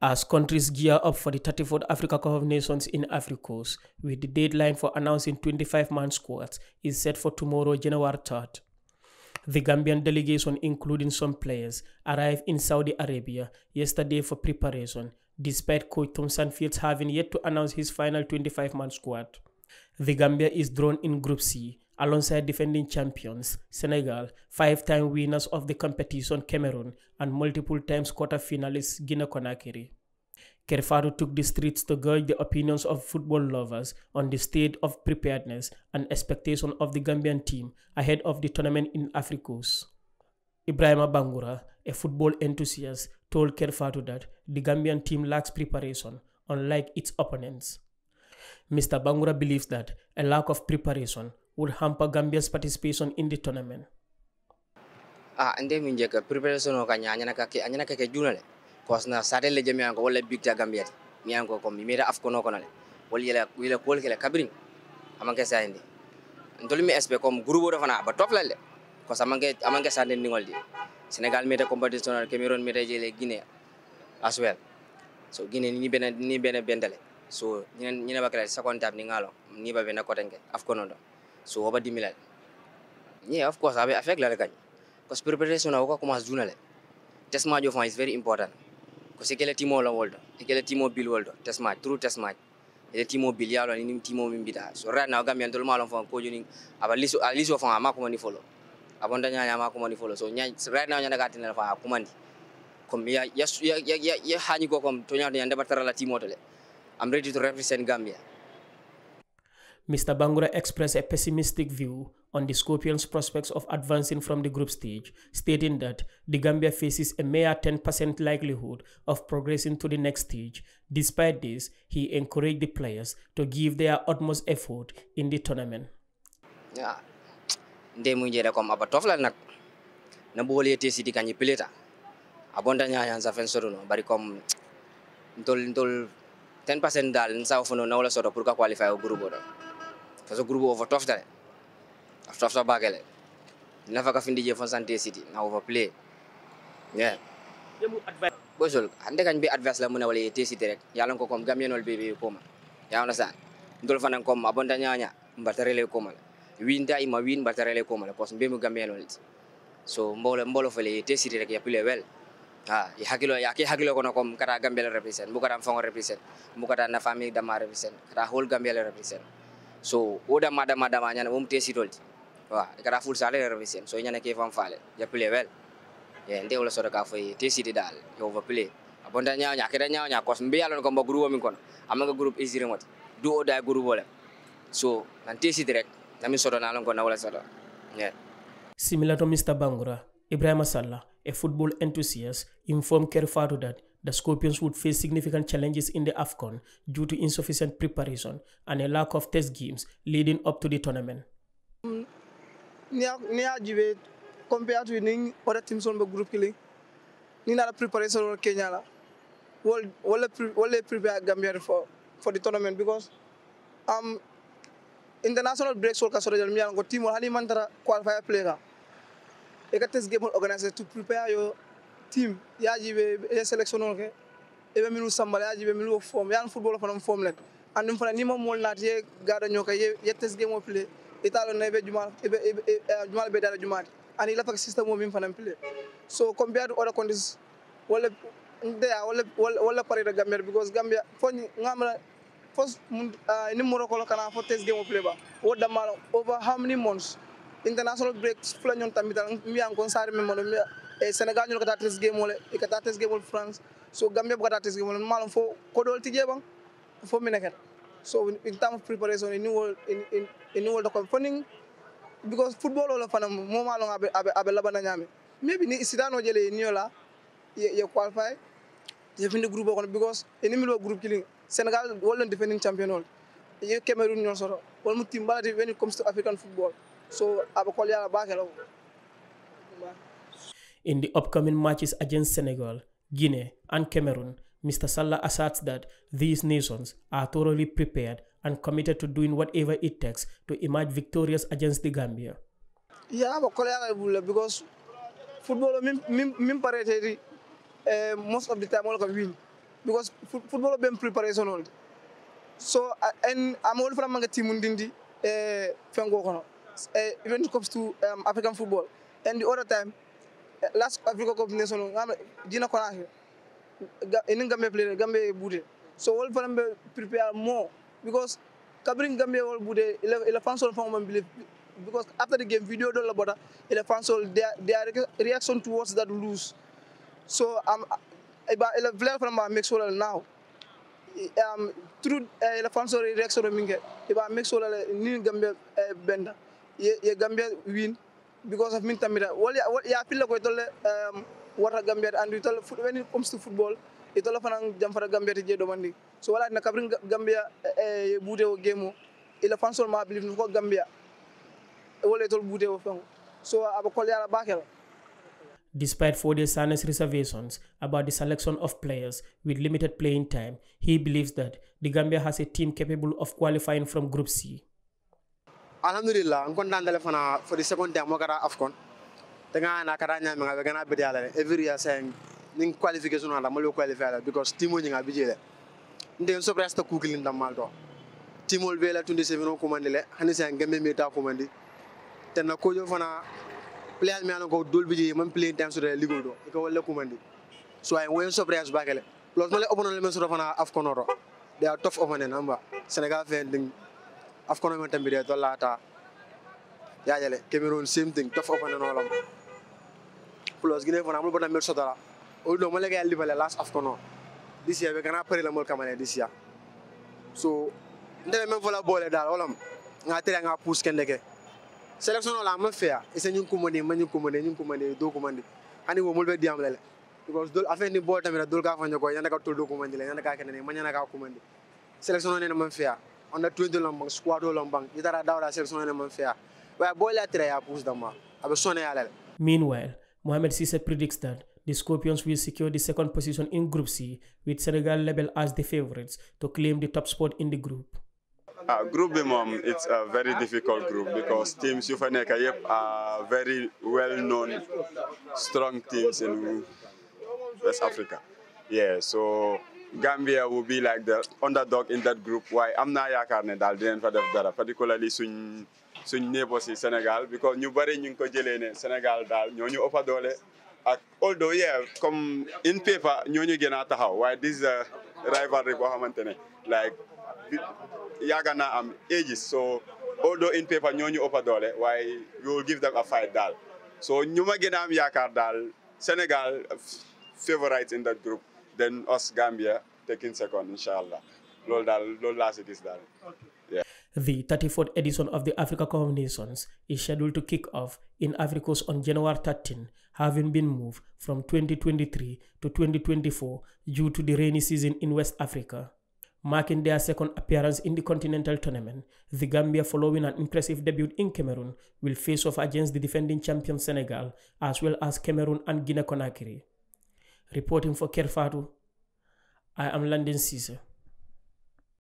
as countries gear up for the 34th Africa Cup of Nations in Africos, with the deadline for announcing 25-man squads is set for tomorrow, January 3rd. The Gambian delegation, including some players, arrived in Saudi Arabia yesterday for preparation, despite coach Thomson Fields having yet to announce his final 25-man squad. The Gambia is drawn in Group C alongside defending champions Senegal, five time winners of the competition Cameroon, and multiple times quarter finalists Guinea Conakry. Kerfado took the streets to gauge the opinions of football lovers on the state of preparedness and expectation of the Gambian team ahead of the tournament in Africos. Ibrahima Bangura, a football enthusiast, told Kerfado that the Gambian team lacks preparation, unlike its opponents. Mr. Bangura believes that a lack of preparation would hamper Gambia's participation in the tournament? Ah, and then we ka preparation o kanya anyana ka ke anyana ka ke junale cause na sare le jemi angko wale big ta Gambia mi angko ko mira mera afko no konale wala yele yela kol kele kabrin amanke sa hindi. Ndoli mi sp comme guru bora fana ba top lalle cause amanke amanke sa hindi ngol di Senegal meta competition Cameroon meta jele Guinea as well so Guinea ni bena ni bena bendale so ni ni ñene bakala second tap ni ngalo ni ba bena kote tanke afko no so oba dimilal yeah of course abe affect lale kany because preparation na wako kuma zunale test match of is very important because ikele timo la world ikele timo bill world test match true test match ile timo bill yalo ni timo mimbita so right now gambia ndol malo fon ko joni aba liso ah, liso fon ama kuma ni follow abonda nyanya ama kuma ni follow so nyanya right now nyanda katina fa ko ni comme ya ya ya ya hani ko comme to nyanda ndaba la timo tole i'm ready to represent gambia Mr. Bangura expressed a pessimistic view on the Scorpions' prospects of advancing from the group stage, stating that the Gambia faces a mere 10% likelihood of progressing to the next stage. Despite this, he encouraged the players to give their utmost effort in the tournament. Yeah. nde mu njere kom aba toflal nak na bole te sidi kanyi pileta abonda nya yan sa fen soro bari kom ntol ntol 10% dal nsa fono na wala soro pour ka qualify au groupe sasa groupe ovo toftare tofta bakele nafaka findi je fon santé city na over play yeah bosol hande kan bi advice la mona wala yete city rek yalla ko kom gamienol bebe ko ma ya ona sa ndol fanan kom abonda nyanya mbatarele ko ma winda ima win mbatarele ko ma parce be mu gamienol so mbolo mbolo fele yete city rek ya pile wel ha ya hakilo ya ke hakilo kono kom kata gambel represent bu kata fongo represent bu kata na famille dama represent kata whole gambel represent so oda madam madam anyana mum tesi tolti wa ikara full sale revisen so nyana ke fam fale ya play wel ye nde wala so ka foy tesi de dal yo va play abonda nyaaw nya keda nyaaw nya kos mbiya lon ko mbo group min kono amanga group isire mot du o oda groupe wala so nan tesi direct nami sodo na lon ko na wala so yeah similar to mr bangura ibrahima sallah a football enthusiast informed kerfatu that the Scorpions would face significant challenges in the AFCON due to insufficient preparation and a lack of test games leading up to the tournament. compared to ning other teams on the group killing ni na preparation on Kenya what wol wol wol prepare Gambia for for the tournament because um international breaks work as so jël mi ngi ko team wol hani man dara qualifier player e ka test game organizer to prepare yo team yajiɓe e sélection on ke eɓe min sambal yajiɓe min wo foom yan football fana foom len andum fana ni mamol naati ye gaɗaño ka ye test game o play italo na ɓe jumal jumal ɓe dara jumade ani lapak systéme o min fana play so compared to other countries walla ndeya walla walla parida gambia because gambia fo gamra first uh, numero kolo kana for test game of labor o dama over how many months international breaks flanyon tamita mi an kon sare mi mono e eh, sénégal ñol kata test game wala e kata test game france so gambia bo kata test game wala malum fo ko dol tije ban fo mi neket so in, in term of preparation in new in in new world ko foning because football wala fanam mo malum abe abe, abe labana nyame maybe ni sidano jele ni yola ye, ye qualify ye fini groupe ko because eni mi lo groupe killing sénégal wala defending champion wala ye cameroon ñol soro wala mu timbalati when it comes to african football so abe ko yalla bakelo Bye. In the upcoming matches against Senegal, Guinea, and Cameroon, Mr. Salah asserts that these nations are thoroughly prepared and committed to doing whatever it takes to emerge victorious against the Gambia. Yeah, because football, uh, most of the time, all win because football been preparation only. So uh, and I'm all from a team in the uh, even it comes to um, African football. And the other time, last Africa Cup nation dina Conakry in Gambia play Gambia bude so all fanan be prepare more because kabrin Gambia wol bude ila fans wol famo believe because after the game video do la bota ila fans wol their, their reaction towards that lose so I'm, um iba ila player fanan ba make sure now um through uh, eh, ila fans wol reaction minge iba make sure that Gambia uh, benda ye, ye Gambia win because of min tammita wala ya pilla koye tolle warta gambiyade andu tolle when it comes to football e tolle fanan jamfata gambiyate jeeɗom anndi so wala tina kabrin gambiya e buute o game o ila fan sol ma bilif ko gambiya wala e tol buute o fengo so aɓa kolyala bakela Despite Fodia Sana's reservations about the selection of players with limited playing time, he believes that the Gambia has a team capable of qualifying from Group C. alhamdulillah n kontanndele fana for the second time wo kata afcon te ga na kata ñaminga ɓe gana bidi ala le every year sen nin qualification ala molu qualify ala because timo ñinga biji le nden so presta kukilin tam mal to timol be la tunde sevino kumandi le hani sen gembe mi ta kumandi te na kojo fana player mi ala ko dol biji man play time so de ligo do ko wala kumandi so ay woyen so presta bakale los mole obono le men so fana afcon oro they are tough opponent amba senegal fe ding afcon men tambire to lata yajale cameroon same thing tof open no lam plus guinea fona amul bona mer sotala o do mo lega libale last afcon this year be gana pare la mol kamane this year so ndeme men vola bole dal olam nga tere nga pousse ken deke selection la ma fea e se nyun kumane ma nyun kumane nyun kumane do kumane ani wo mol be diam lele because dol afen ni bol tamira dol ka fanyo ko ka to do kumane le nyanda ka kenene ma nyanda ka kumane selection no ne ma fea 20 lambang squad lambang itara man fea tre ya dama abe meanwhile mohamed sisse predicts that the Scorpions will secure the second position in Group C, with Senegal label as the favorites to claim the top spot in the group. Uh, group B, Mom, it's a very difficult group because teams Yufaneka yep, are very well-known, strong teams in West Africa. Yeah, so Gambia will be like the underdog in that group i am not yaakaar dal daal fa def dara particularly suñ suñ neighbours Sénégal because ñu bëri ñu ko ne Sénégal dal ñoo ñu doole ak although yeah comme in paper ñoo ñu gën a taxaw Why this is a rivalry boo xamante like yàgg i am ages so although in paper ñoo ñu ëpp doole why we will give them a fight dal. so ñu ma gën am yaakaar Sénégal favorite in that group then us Gambia taking second, inshallah. Lol dal, lol dal. Yeah. The 34th edition of the Africa Cup of Nations is scheduled to kick off in Africa's on January 13, having been moved from 2023 to 2024 due to the rainy season in West Africa. Marking their second appearance in the continental tournament, the Gambia, following an impressive debut in Cameroon, will face off against the defending champion Senegal, as well as Cameroon and Guinea-Conakry reporting for Kerfatu. I am London Caesar.